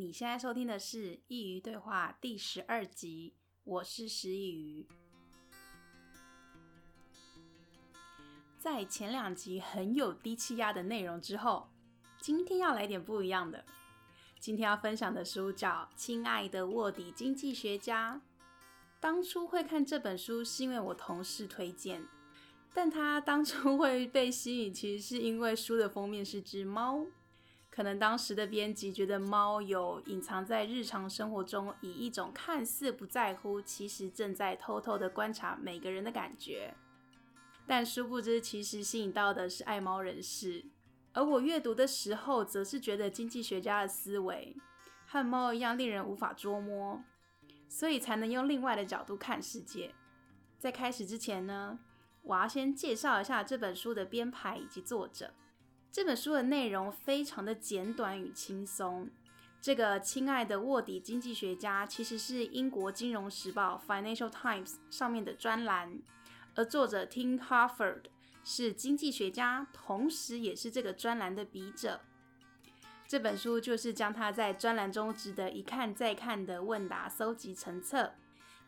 你現在收聽的是《佾萮對話》第十二集，我是師佾萮。在前兩集很有低氣壓的內容之後，今天要來點不一樣的。今天要分享的書叫《親愛的臥底經濟學家》。當初會看這本書是因為我同事推薦，但他當初會被吸引，其實是因為書的封面是只貓。可能當時的編輯覺得貓有隱藏在日常生活中，以一種看似不在乎，其實正在偷偷的觀察每個人的感覺。但殊不知，其實吸引到的是愛貓人士。而我閱讀的時候，則是覺得經濟學家的思維和貓一樣，令人無法捉摸，所以才能用另外的角度看世界。在開始之前呢，我要先介紹一下這本書的編排以及作者。這本書的內容非常的簡短與輕鬆。這個“親愛的臥底經濟學家”其實是英國金融時報 （Financial Times） 上面的專欄，而作者 Tim Harford 是經濟學家，同時也是這個專欄的筆者。這本書就是將他在專欄中值得一看再看的問答收集成冊，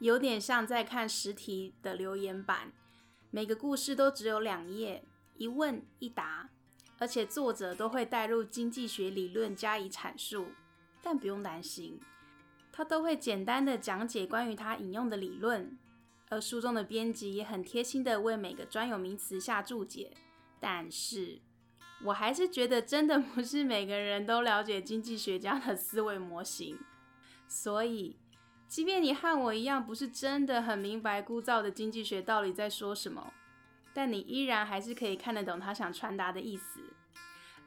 有點像在看實體的留言板。每個故事都只有兩頁，一問一答。而且作者都會帶入經濟學理論加以闡述，但不用擔心，他都會簡單的講解關於他引用的理論。而書中的編輯也很貼心的為每個專有名詞下注解。但是我還是覺得，真的不是每個人都了解經濟學家的思維模型。所以，即便你和我一樣不是真的很明白枯燥的經濟學到底在說什麼，但你依然還是可以看得懂他想傳達的意思。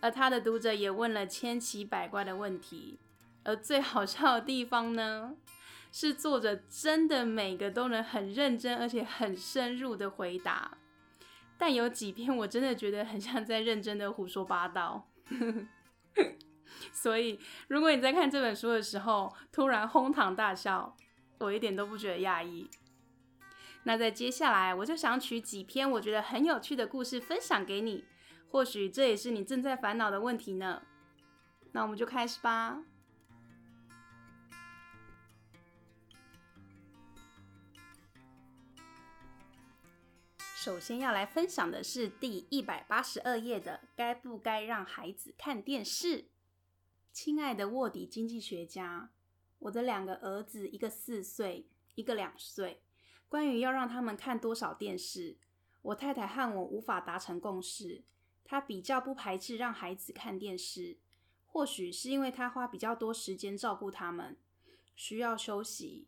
而他的讀者也問了千奇百怪的問題，而最好笑的地方呢，是作者真的每個都能很認真而且很深入的回答。但有幾篇我真的覺得很像在認真的胡說八道。 所以，如果你在看這本書的時候突然哄堂大笑，我一點都不覺得訝異。那在接下來，我就想取幾篇我覺得很有趣的故事分享給你。或許這也是你正在煩惱的問題呢。那我們就開始吧。首先要來分享的是第一百八十二頁的“該不該讓孩子看電視”。親愛的臥底經濟學家，我的兩個兒子一個，一個四歲，一個兩歲，關於要讓他們看多少電視，我太太和我無法達成共識。他比較不排斥讓孩子看電視，或許是因為他花比較多時間照顧他們，需要休息。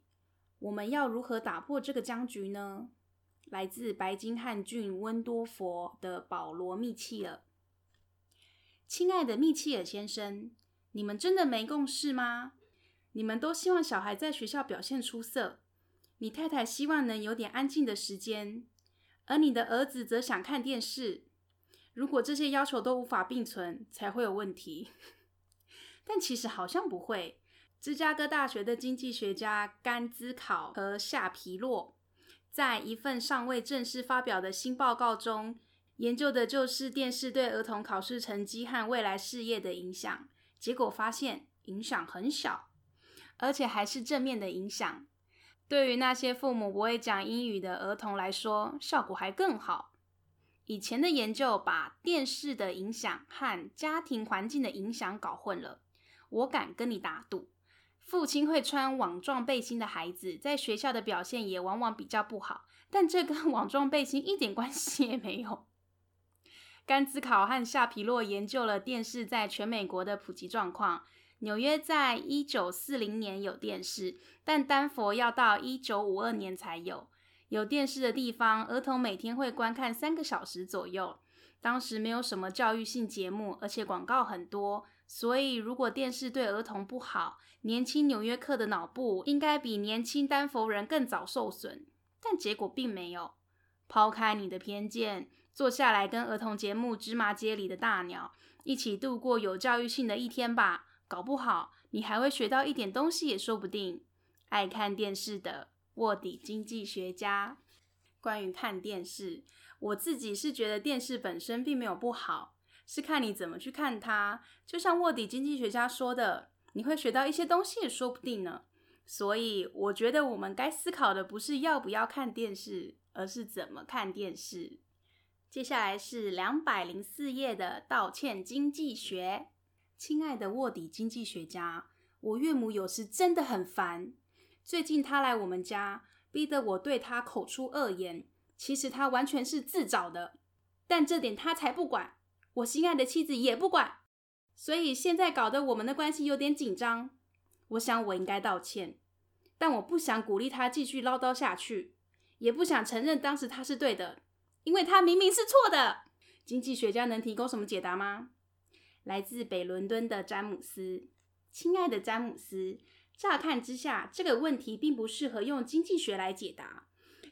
我們要如何打破這個僵局呢？來自白金漢郡溫多佛的保羅·密切爾。親愛的密切爾先生，你們真的沒共識嗎？你們都希望小孩在學校表現出色，你太太希望能有點安靜的時間，而你的兒子則想看電視。如果這些要求都無法並存，才會有問題。 但其實好像不會。芝加哥大學的經濟學家甘茲考和夏皮洛在一份尚未正式發表的新報告中，研究的就是電視對兒童考試成績和未來事業的影響。結果發現，影響很小，而且還是正面的影響。對於那些父母不會講英語的兒童來說，效果還更好。以前的研究把電視的影響和家庭環境的影響搞混了。我敢跟你打賭，父親會穿網狀背心的孩子，在學校的表現也往往比較不好，但這跟網狀背心一點關係也沒有。甘茲考和夏皮洛研究了電視在全美國的普及狀況。紐約在一九四零年有電視，但丹佛要到一九五二年才有。有電視的地方，兒童每天會觀看三個小時左右。當時沒有什麼教育性節目，而且廣告很多，所以如果電視對兒童不好，年輕紐約客的腦部應該比年輕丹佛人更早受損。但結果並沒有。拋開你的偏見，坐下來跟兒童節目《芝麻街》裡的大鳥一起度過有教育性的一天吧，搞不好你還會學到一點東西也說不定。愛看電視的。臥底經濟學家，關於看電視，我自己是覺得電視本身並沒有不好，是看你怎麼去看它。就像臥底經濟學家說的，你會學到一些東西，也說不定呢。所以我覺得我們該思考的不是要不要看電視，而是怎麼看電視。接下來是兩百零四頁的道歉經濟學。親愛的臥底經濟學家，我岳母有時真的很煩。最近他來我們家，逼得我對他口出惡言。其實他完全是自找的，但這點他才不管，我心愛的妻子也不管，所以現在搞得我們的關係有點緊張。我想我應該道歉，但我不想鼓勵他繼續嘮叨下去，也不想承認當時他是對的，因為他明明是錯的。經濟學家能提供什麼解答嗎？來自北倫敦的詹姆斯，親愛的詹姆斯。乍看之下，這個問題並不適合用經濟學來解答，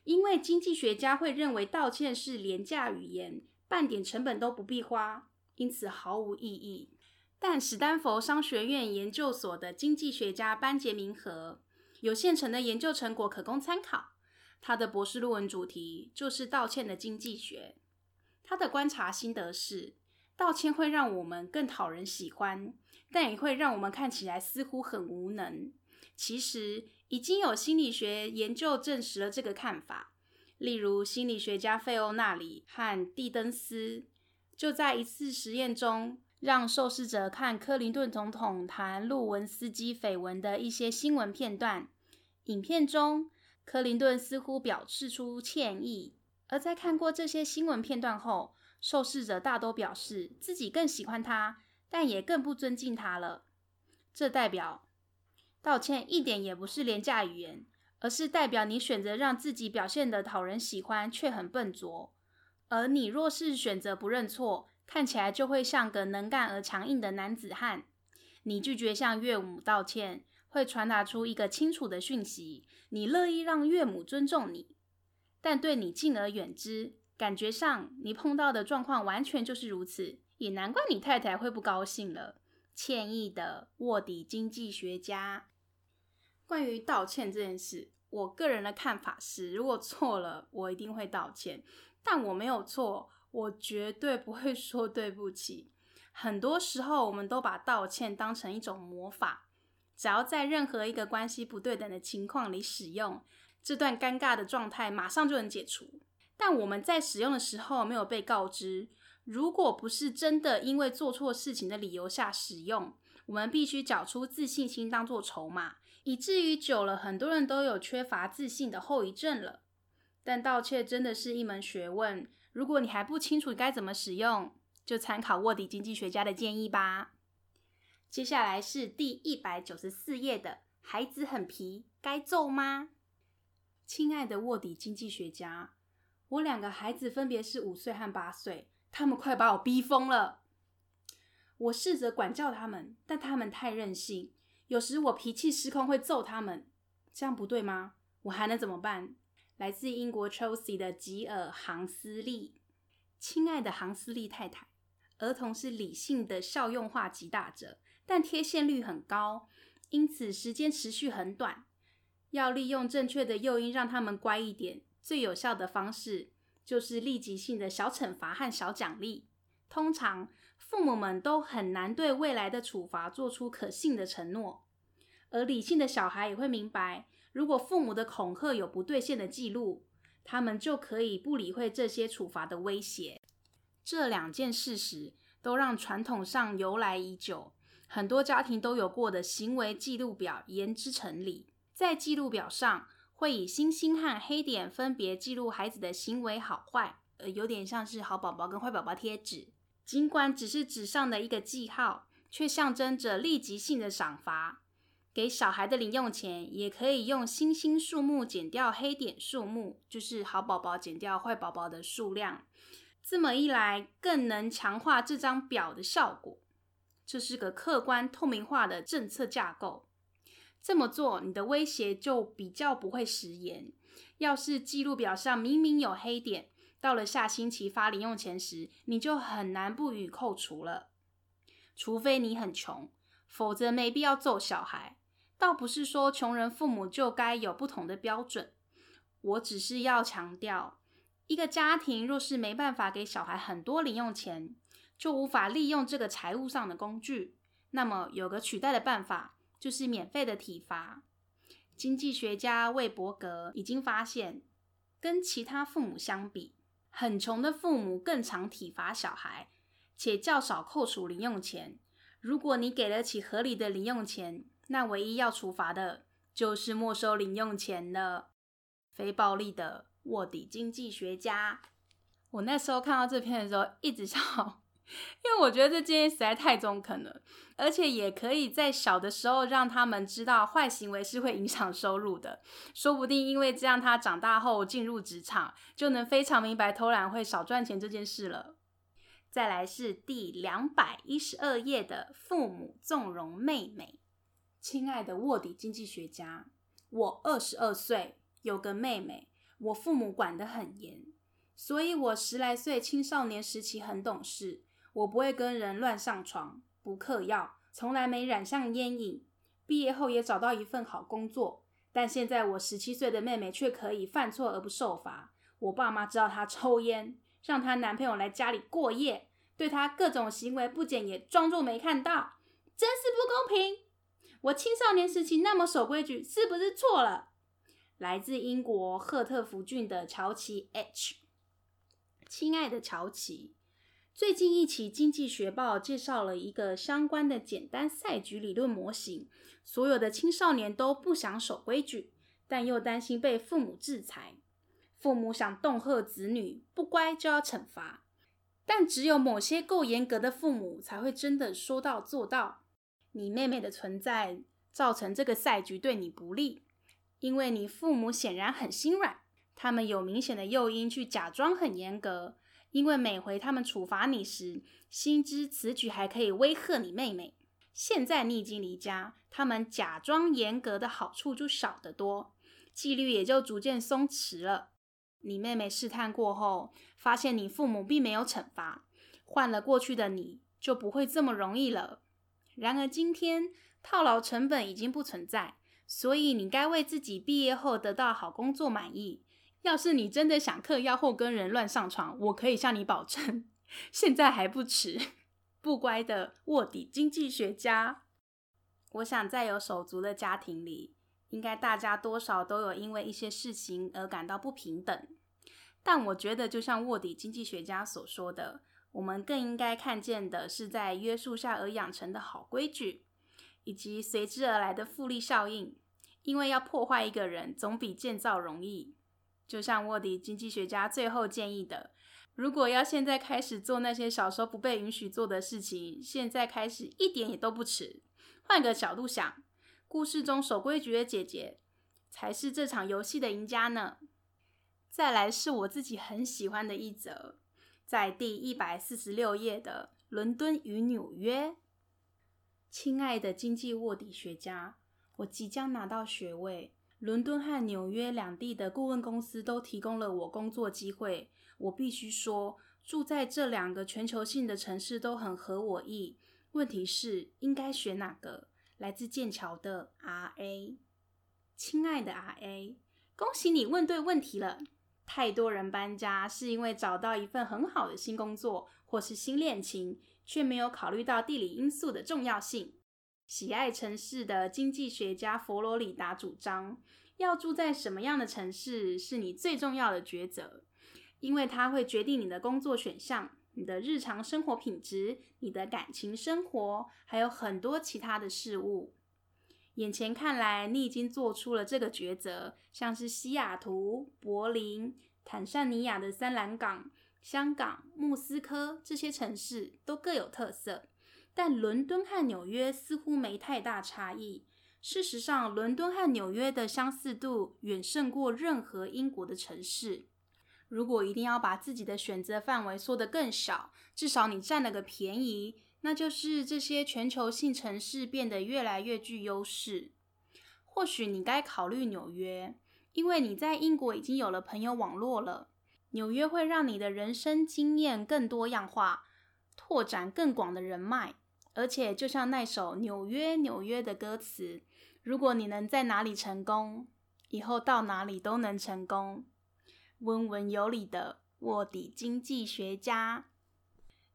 因為經濟學家會認為道歉是廉價語言，半點成本都不必花，因此毫無意義。但史丹佛商學院研究所的經濟學家班杰明和有現成的研究成果可供參考，他的博士論文主題就是道歉的經濟學。他的觀察心得是，道歉會讓我們更討人喜歡。但也會讓我們看起來似乎很無能。其實已經有心理學研究證實了這個看法。例如，心理學家費歐納里和蒂登斯就在一次實驗中，讓受試者看柯林頓總統談露文斯基緋聞的一些新聞片段。影片中，柯林頓似乎表示出歉意。而在看過這些新聞片段後，受試者大多表示自己更喜歡他，但也更不尊敬他了。這代表道歉一點也不是廉價語言，而是代表你選擇讓自己表現得討人喜歡，卻很笨拙。而你若是選擇不認錯，看起來就會像個能幹而強硬的男子漢。你拒絕向岳母道歉，會傳達出一個清楚的訊息：你樂意讓岳母尊重你，但對你敬而遠之。感覺上，你碰到的狀況完全就是如此。也難怪你太太會不高興了。歉意的臥底經濟學家，關於道歉這件事，我個人的看法是：如果錯了，我一定會道歉；但我沒有錯，我絕對不會說對不起。很多時候，我們都把道歉當成一種魔法，只要在任何一個關係不對等的情況裡使用，這段尷尬的狀態馬上就能解除。但我們在使用的時候，沒有被告知。如果不是真的因為做錯事情的理由下使用，我們必須找出自信心當做籌碼，以至於久了很多人都有缺乏自信的後遺症了。但道歉真的是一門學問，如果你還不清楚該怎麼使用，就參考臥底經濟學家的建議吧。接下來是第一百九十四頁的孩子很皮，該揍嗎？親愛的臥底經濟學家，我兩個孩子分別是五歲和八歲。他們快把我逼瘋了。我試着管教他們，但他們太任性。有時我脾氣失控，會揍他們，這樣不對嗎？我還能怎麼辦？來自英國 Chelsea 的吉爾·杭斯利，親愛的杭斯利太太，兒童是理性的效用化極大者，但貼現率很高，因此時間持續很短。要利用正確的誘因讓他們乖一點，最有效的方式。就是立即性的小懲罰和小獎勵。通常，父母們都很難對未來的處罰做出可信的承諾，而理性的小孩也會明白，如果父母的恐嚇有不兌現的記錄，他們就可以不理會這些處罰的威脅。這兩件事實都讓傳統上由來已久、很多家庭都有過的行為記錄表言之成理。在記錄表上，會以星星和黑點分別記錄孩子的行為好壞，而、呃、有點像是好寶寶跟壞寶寶貼紙。儘管只是紙上的一個記號，卻象徵着立即性的賞罰。給小孩的零用錢也可以用星星數目減掉黑點數目，就是好寶寶減掉壞寶寶的數量。這麼一來，更能強化這張表的效果。這是個客觀透明化的政策架構。這麼做，你的威脅就比較不會食言。要是記錄表上明明有黑點，到了下星期發零用錢時，你就很難不予扣除了。除非你很窮，否則沒必要揍小孩。倒不是說窮人父母就該有不同的標準，我只是要強調，一個家庭若是沒辦法給小孩很多零用錢，就無法利用這個財務上的工具，那麼有個取代的辦法。就是免費的體罰。經濟學家魏伯格已經發現，跟其他父母相比，很窮的父母更常體罰小孩，且較少扣除零用錢。如果你給得起合理的零用錢，那唯一要處罰的就是沒收零用錢了。非暴力的臥底經濟學家。我那時候看到這篇的時候，一直笑。因為我覺得這建議實在太中肯了，而且也可以在小的時候讓他們知道壞行為是會影響收入的，說不定因為這樣，他長大後進入職場就能非常明白偷懶會少賺錢這件事了。再來是第兩百一十二頁的父母縱容妹妹。親愛的臥底經濟學家，我二十二歲，有個妹妹，我父母管得很嚴，所以我十來歲青少年時期很懂事。我不會跟人亂上床，不嗑藥，從來沒染上菸癮。畢業後也找到一份好工作，但現在我十七歲的妹妹卻可以犯錯而不受罰。我爸媽知道她抽菸，讓她男朋友來家裡過夜，對她各種行為不檢也裝作沒看到，真是不公平。我青少年時期那麼守規矩，是不是錯了？來自英國赫特福郡的喬奇 H，親愛的喬奇。最近一期《經濟學報》介紹了一個相關的簡單賽局理論模型。所有的青少年都不想守規矩，但又擔心被父母制裁。父母想恫嚇子女，不乖就要懲罰。但只有某些夠嚴格的父母才會真的說到做到。你妹妹的存在造成這個賽局對你不利，因為你父母顯然很心軟，他們有明顯的誘因去假裝很嚴格。因為每回他們處罰你時，心知此舉還可以威嚇你妹妹。現在你已經離家，他們假裝嚴格的好處就少得多，紀律也就逐漸鬆弛了。你妹妹試探過後，發現你父母並沒有懲罰，換了過去的你就不會這麼容易了。然而今天套牢成本已經不存在，所以你該為自己畢業後得到好工作滿意。要是你真的想嗑藥後跟人亂上床，我可以向你保證，現在還不遲。不乖的臥底經濟學家，我想在有手足的家庭裡，應該大家多少都有因為一些事情而感到不平等。但我覺得，就像臥底經濟學家所說的，我們更應該看見的是在約束下而養成的好規矩，以及隨之而來的複利效應。因為要破壞一個人，總比建造容易。就像臥底經濟學家最後建議的，如果要現在開始做那些小時候不被允許做的事情，現在開始一點也都不遲。換個角度想，故事中守規矩的姐姐才是這場遊戲的贏家呢。再來是我自己很喜歡的一則，在第一百四十六頁的《倫敦與紐約》。親愛的經濟臥底學家，我即將拿到學位。倫敦和紐約兩地的顧問公司都提供了我工作機會。我必須說，住在這兩個全球性的城市都很合我意。問題是，應該選哪個？來自劍橋的 R.A.，親愛的 R.A.，恭喜你問對問題了。太多人搬家是因為找到一份很好的新工作或是新戀情，卻沒有考慮到地理因素的重要性。喜愛城市的經濟學家佛羅里達主張，要住在什麼樣的城市是你最重要的抉擇，因為它會決定你的工作選項、你的日常生活品質、你的感情生活，還有很多其他的事物。眼前看來，你已經做出了這個抉擇，像是西雅圖、柏林、坦桑尼亞的三蘭港、香港、莫斯科這些城市都各有特色。但倫敦和紐約似乎沒太大差異。事實上，倫敦和紐約的相似度遠勝過任何英國的城市。如果一定要把自己的選擇範圍縮得更小，至少你占了個便宜，那就是這些全球性城市變得越來越具優勢。或許你該考慮紐約，因為你在英國已經有了朋友網絡了。紐約會讓你的人生經驗更多樣化，拓展更廣的人脈。而且，就像那首《紐約，紐約》的歌詞：“如果你能在哪裡成功，以後到哪裡都能成功。”溫文有禮的臥底經濟學家，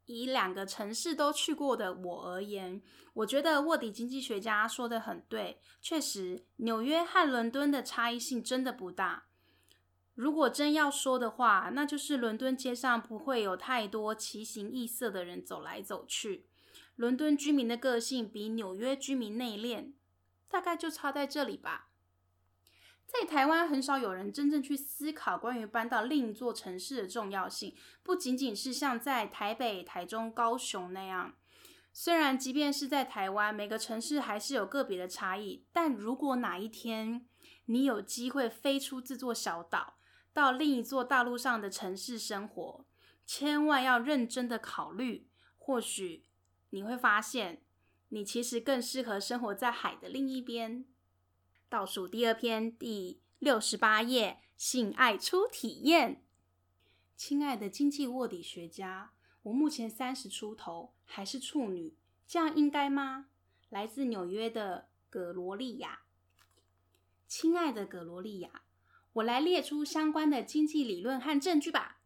以兩個城市都去過的我而言，我覺得臥底經濟學家說得很對。確實，紐約和倫敦的差異性真的不大。如果真要說的話，那就是倫敦街上不會有太多奇形異色的人走來走去。倫敦居民的個性比紐約居民內斂，大概就差在這裡吧。在台灣，很少有人真正去思考關於搬到另一座城市的重要性，不僅僅是像在台北、台中、高雄那樣。雖然即便是在台灣，每個城市還是有個別的差異，但如果哪一天你有機會飛出這座小島，到另一座大陸上的城市生活，千萬要認真的考慮，或許。你會發現，你其實更適合生活在海的另一邊。倒數第二篇第六十八頁，性愛初體驗。親愛的經濟臥底學家，我目前三十出頭，還是處女，這樣應該嗎？來自紐約的葛羅利亞。親愛的葛羅利亞，我來列出相關的經濟理論和證據吧。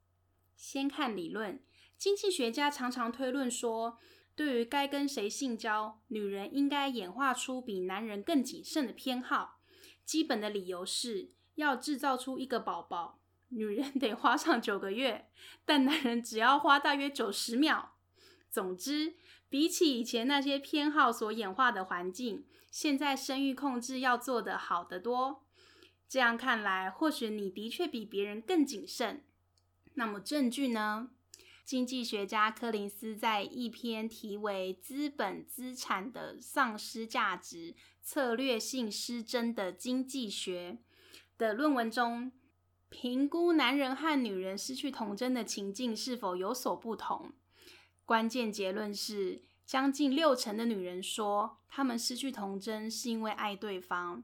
先看理論，經濟學家常常推論說。對於該跟誰性交，女人應該演化出比男人更謹慎的偏好。基本的理由是要制造出一個寶寶，女人得花上九個月，但男人只要花大約九十秒。總之，比起以前那些偏好所演化的環境，現在生育控制要做得好得多。這樣看來，或許你的確比別人更謹慎。那麼證據呢？經濟學家柯林斯在一篇題為《資本資產的喪失價值：策略性失真的經濟學》的論文中，評估男人和女人失去童真的情境是否有所不同。關鍵結論是，將近六成的女人說他們失去童真是因為愛對方，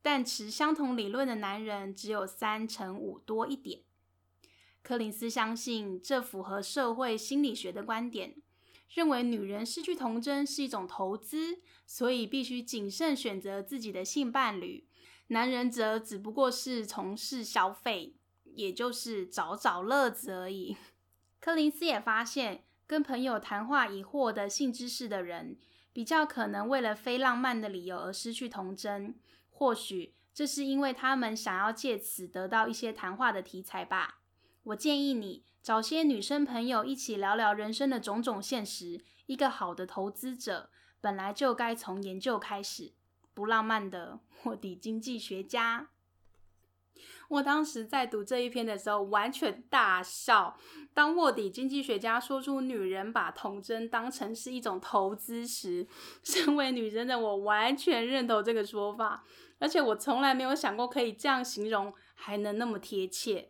但持相同理論的男人只有三成五多一點。柯林斯相信這符合社會心理學的觀點，認為女人失去童真是一種投資，所以必須謹慎選擇自己的性伴侶。男人則只不過是從事消費，也就是找找樂子而已。 柯林斯也發現，跟朋友談話已獲得性知識的人，比較可能為了非浪漫的理由而失去童真，或許這是因為他們想要借此得到一些談話的題材吧。我建議你找些女生朋友一起聊聊人生的種種現實。一個好的投資者本來就該從研究開始。不浪漫的臥底經濟學家。我當時在讀這一篇的時候完全大笑。當臥底經濟學家說出“女人把童真當成是一種投資”時，身為女人的我完全認同這個說法，而且我從來沒有想過可以這樣形容還能那麼貼切。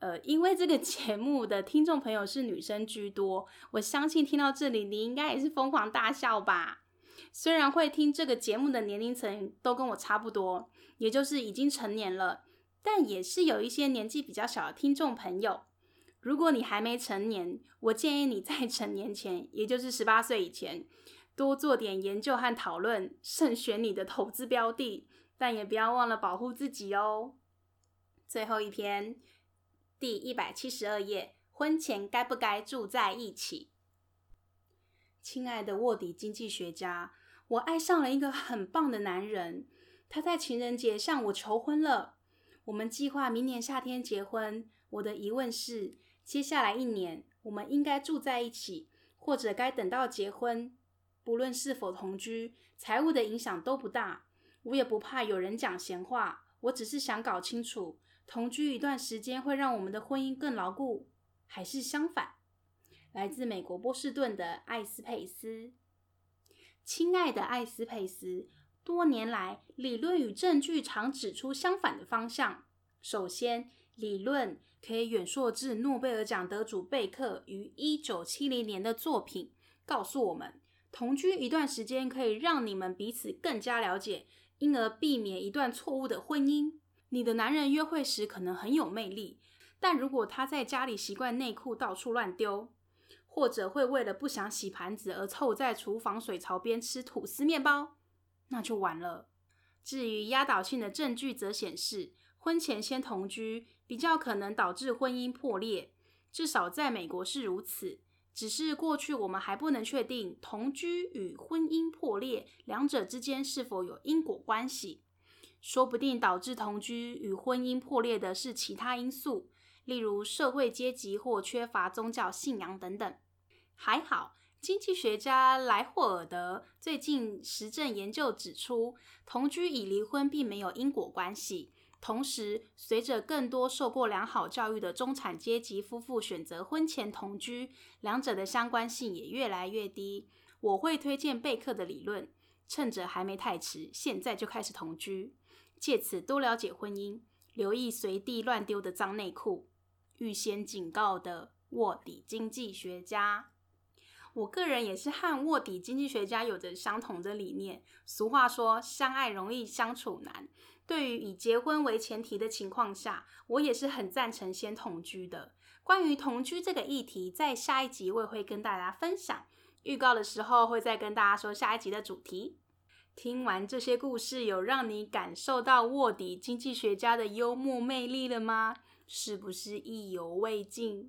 呃，因為這個節目的聽眾朋友是女生居多，我相信聽到這裡你應該也是瘋狂大笑吧？雖然會聽這個節目的年齡層都跟我差不多，也就是已經成年了，但也是有一些年紀比較小的聽眾朋友。如果你還沒成年，我建議你在成年前，也就是十八歲以前，多做點研究和討論，慎選你的投資標的，但也不要忘了保護自己哦。最後一篇。第一百七十二頁，婚前該不該住在一起？親愛的臥底經濟學家，我愛上了一個很棒的男人，他在情人節向我求婚了。我們計劃明年夏天結婚。我的疑問是，接下來一年我們應該住在一起，或者該等到結婚？不論是否同居，財務的影響都不大。我也不怕有人講閒話，我只是想搞清楚。同居一段時間會讓我們的婚姻更牢固，還是相反？來自美國波士頓的艾斯佩斯。親愛的艾斯佩斯，多年來理論與證據常指出相反的方向。首先，理論可以遠溯至諾貝爾獎得主貝克於一九七零年的作品，告訴我們同居一段時間可以讓你們彼此更加了解，因而避免一段錯誤的婚姻。你的男人約會時可能很有魅力，但如果他在家裡習慣內褲到處亂丟，或者會為了不想洗盤子而湊在廚房水槽邊吃吐司麵包，那就完了。至於壓倒性的證據則顯示，婚前先同居比較可能導致婚姻破裂，至少在美國是如此。只是此，只是過去我們還不能確定同居與婚姻破裂兩者之間是否有因果關係。說不定導致同居與婚姻破裂的是其他因素，例如社會階級或缺乏宗教信仰等等。還好，經濟學家萊霍爾德最近實證研究指出，同居與離婚並沒有因果關係。同時，隨着更多受過良好教育的中產階級夫婦選擇婚前同居，兩者的相關性也越來越低。我會推薦貝克的理論，趁着還沒太遲，現在就開始同居。借此多了解婚姻，留意隨地亂丟的髒內褲。預先警告的臥底經濟學家，我個人也是和臥底經濟學家有着相同的理念。俗話說，相愛容易相處難。對於以結婚為前提的情況下，我也是很贊成先同居的。關於同居這個議題，在下一集我也會跟大家分享。預告的時候會再跟大家說下一集的主題。聽完這些故事，有讓你感受到臥底經濟學家的幽默魅力了嗎？是不是意猶未盡？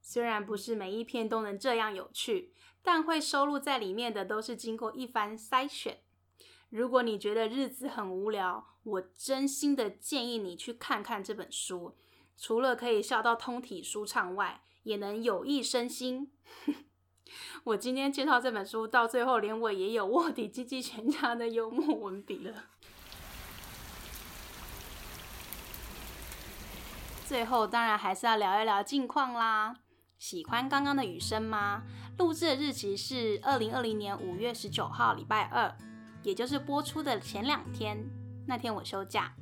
雖然不是每一篇都能這樣有趣，但會收錄在裡面的都是經過一番篩選。如果你覺得日子很無聊，我真心的建議你去看看這本書，除了可以笑到通體舒暢外，也能有益身心。 我今天介紹這本書，到最後連我也有臥底經濟學家的幽默文筆了。最後當然還是要聊一聊近況啦。喜歡剛剛的雨聲嗎？錄製的日期是二零二零年五月十九號，禮拜二，也就是播出的前兩天。那天我休假，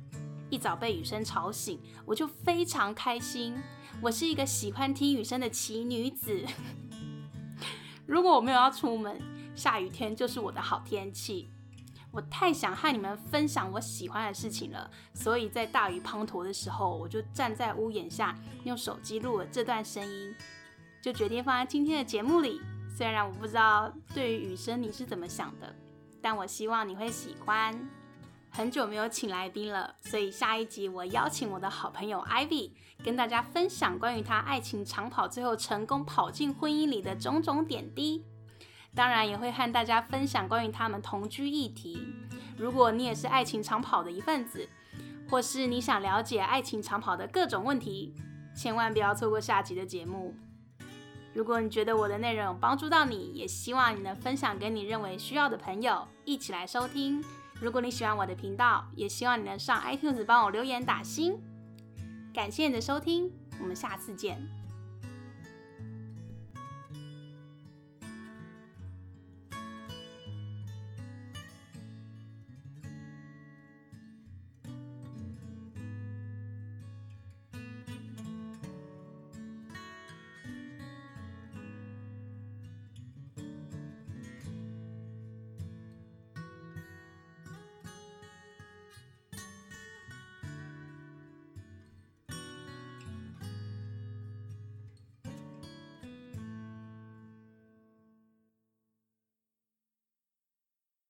一早被雨聲吵醒，我就非常開心。我是一個喜歡聽雨聲的奇女子。如果我沒有要出門，下雨天就是我的好天氣。我太想和你們分享我喜歡的事情了，所以在大雨滂沱的時候，我就站在屋檐下，用手機錄了這段聲音，就決定放在今天的節目裡。雖然我不知道對於雨聲你是怎麼想的，但我希望你會喜歡。很久沒有請來賓了，所以下一集我邀請我的好朋友 Ivy。跟大家分享關於他愛情長跑最後成功跑進婚姻裡的種種點滴，當然也會和大家分享關於他們同居議題。如果你也是愛情長跑的一份子，或是你想了解愛情長跑的各種問題，千萬不要錯過下集的節目。如果你覺得我的內容幫助到你，也希望你能分享給你認為需要的朋友一起來收聽。如果你喜歡我的頻道，也希望你能上 iTunes 幫我留言打星。感謝你的收聽，我們下次見。